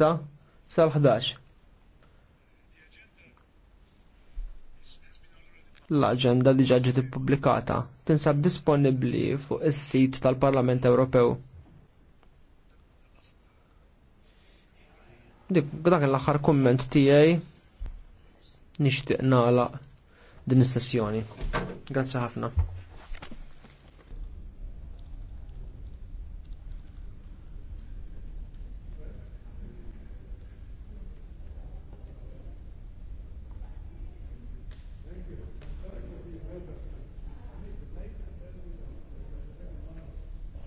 sa sal-11. L-aġenda diġa ġiet ippubblikata tinsab disponibbli fuq is-sit tal-Parlament Ewropew. Dik dak l-aħħar kumment tiegħi nixtieq nagħlaq din is-sessjoni. Grazzi ħafna.